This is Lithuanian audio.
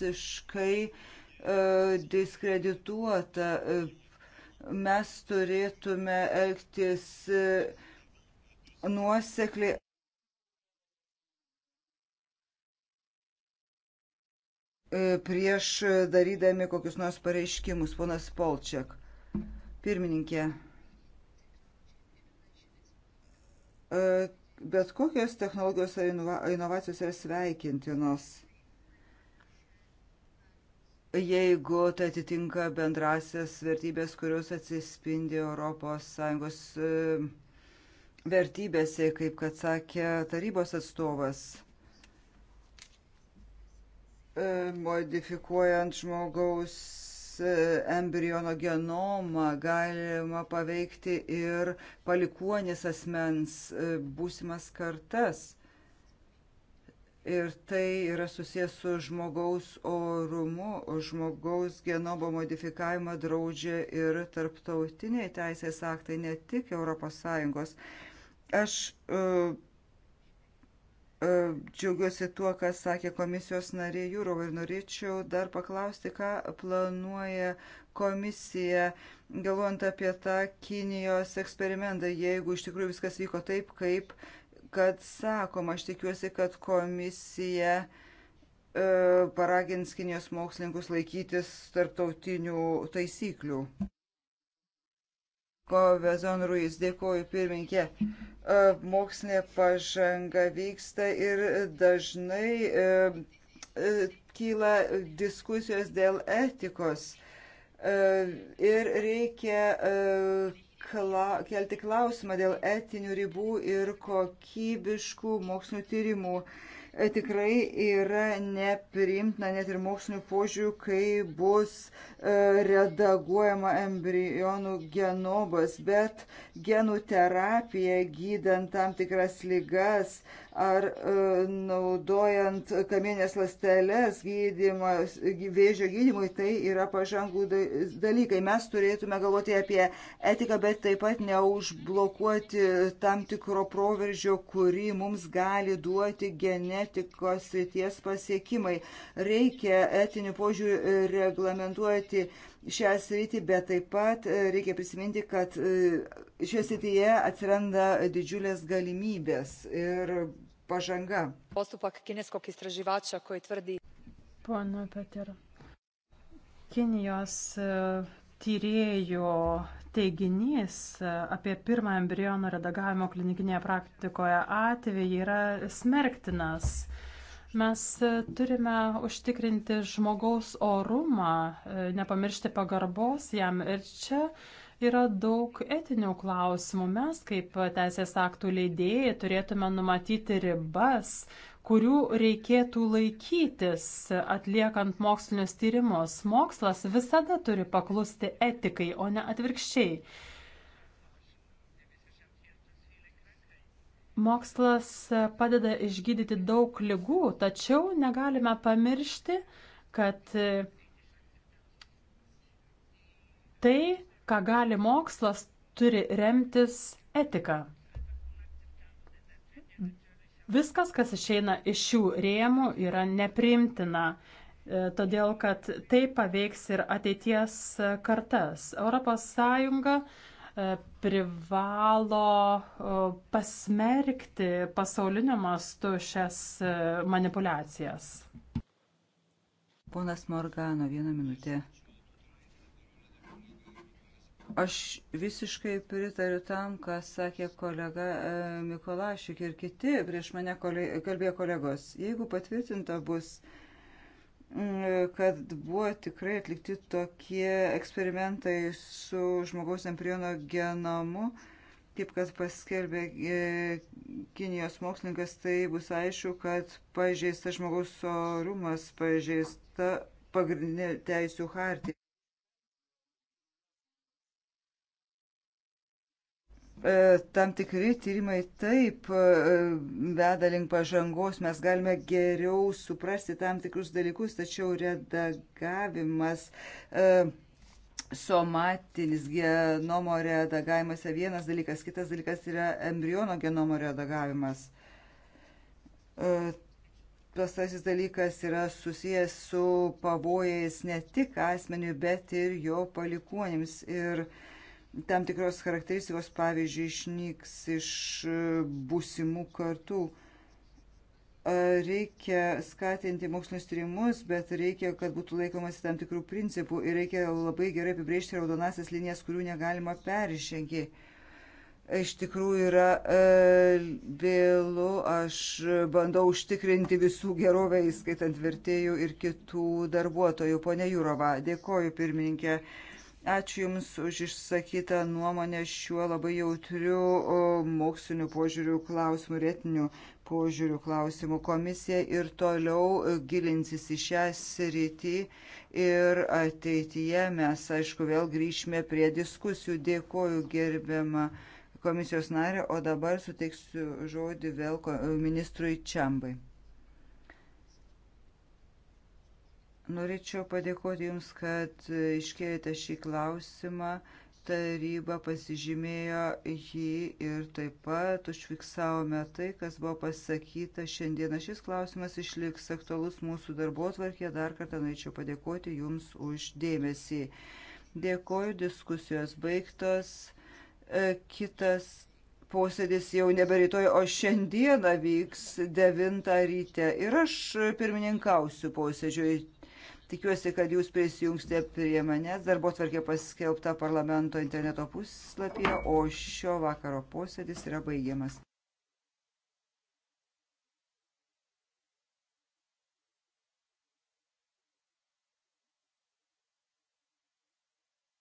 visiškai e, diskredituota. E, mes turėtume elgtis e, nuosekliai. Prieš darydami kokius nors pareiškimus, ponas Polčiak, pirmininkė, bet kokios technologijos ar inovacijos yra sveikintinos jeigu tai atitinka bendrasias vertybės, kurios atsispindi ES e, vertybėse, kaip kad sakė tarybos atstovas e, modifikuojant žmogaus e, embriono genomą galima paveikti ir palikuonis asmens būsimas kartas. Ir tai yra susijęs su žmogaus orumu, o žmogaus genomo modifikavimą draudžia ir tarptautiniai teisės aktai, ne tik ES. Aš uh, uh, džiaugiuosi tuo, kas sakė komisijos narė Jūrova ir norėčiau dar paklausti, ką planuoja komisija, galvojant apie tą Kinijos eksperimentą, jeigu iš tikrųjų viskas vyko taip, kaip uh, kad sakoma, aš tikiuosi, kad komisija e, paragins Kinijos mokslininkus laikytis tarptautinių taisyklių. Kovezon Ruiz, dėkoju pirminkė. E, mokslinė pažanga vyksta ir dažnai e, kyla diskusijos dėl etikos. Ir reikia kla, kelti klausimą dėl etinių ribų ir kokybiškų mokslinių tyrimų. E, tikrai yra nepriimtina net ir mokslinių požiūrių, kai bus e, redaguojama embrionų genobas, bet genų terapija gydant tam tikras lygas ar e, naudojant kamienės lasteles gydymas, vėžio gydymui, tai yra pažangų dalykai. Mes turėtume galvoti apie etiką, bet taip pat neužblokuoti tam tikro proveržio, kurį mums gali duoti gene kibernetikos ties pasiekimai. Reikia etinių požiūrių reglamentuoti šią sritį, bet taip pat e, reikia prisiminti, kad e, šioje srityje atsiranda didžiulės galimybės ir pažanga. Postupak kineskog istraživača, koji tvrdi. Pana Peter. Kinijos e, tyrėjų teiginys apie pirmą embriono redagavimo klinikinėje praktikoje atvejį yra smerktinas. Mes turime užtikrinti žmogaus orumą, nepamiršti pagarbos jam ir čia yra daug etinių klausimų. Mes kaip teisės aktų leidėjai turėtume numatyti ribas, kurių reikėtų laikytis atliekant mokslinius tyrimus. Mokslas visada turi paklusti etikai, o ne atvirkščiai. Mokslas padeda išgydyti daug lygų, tačiau negalime pamiršti, kad tai ką gali mokslas, turi remtis etika. Viskas, kas išeina iš šių rėmų, yra nepriimtina e, todėl kad tai paveiks ir ateities kartas. ES e, privalo e, pasmerkti pasaulinio mastu šias manipulacijas. Ponas Morgano, vieną minutę. Aš visiškai pritariu tam, ką sakė kolega e, Mikolašik ir kiti prieš mane kalbėjo kolegos. Jeigu patvirtinta bus, kad buvo tikrai atlikti tokie eksperimentai su žmogaus embriono genomu, kaip kad paskelbė e, Kinijos mokslininkas, tai bus aišku, kad pažeista žmogaus orumas, pažeista pagrindinė teisų hartija. E, tam tikri tyrimai taip e, veda link pažangos, mes galime geriau suprasti tam tikrus dalykus, tačiau redagavimas, e, somatinis genomo redagavimas yra vienas dalykas, kitas dalykas yra embriono genomo redagavimas. Pastasis dalykas yra susijęs su pavojais ne tik asmeniu, bet ir jo palikuonėms. Ir uh, tam tikros charakteristikos, pavyzdžiui, išnyks iš e, būsimų kartų. Reikia skatinti mokslinius tyrimus, bet reikia, kad būtų laikomasi tam tikrų principų ir reikia labai gerai apibrėžti raudonasias linijas, kurių negalima peržengiai iš tikrųjų yra e, vėlų, aš bandau užtikrinti visų gerovę, įskaitant vertėjų ir kitų darbuotojų. Pone Jūrova, dėkoju pirmininkė. Ačiū Jums už išsakytą nuomonę šiuo labai jautriu moksliniu požiūriu klausimu, retiniu požiūrių klausimų komisija ir toliau gilinsis į šią sritį ir ateityje mes, aišku, vėl grįšime prie diskusijų. Dėkoju gerbiamą komisijos narę, o dabar suteiksiu žodį vėl ministrui Čiambai. Norėčiau padėkoti Jums, kad iškėlėte šį klausimą. Taryba pasižymėjo jį ir taip pat užfiksavome tai, kas buvo pasakyta šiandieną. Šis klausimas išliks aktualus mūsų darbo tvarkė. Dar kartą norėčiau padėkoti Jums už dėmesį. Dėkoju, diskusijos baigtos. E, kitas posėdis jau nebe rytoj, o šiandieną vyks 9 ryte. Ir aš pirmininkausiu posėdžiui Tikiuosi, kad jūs prisijungsite prie manęs. Darbo tvarkė paskelbta parlamento interneto puslapyje, o šio vakaro posėdis yra baigiamas.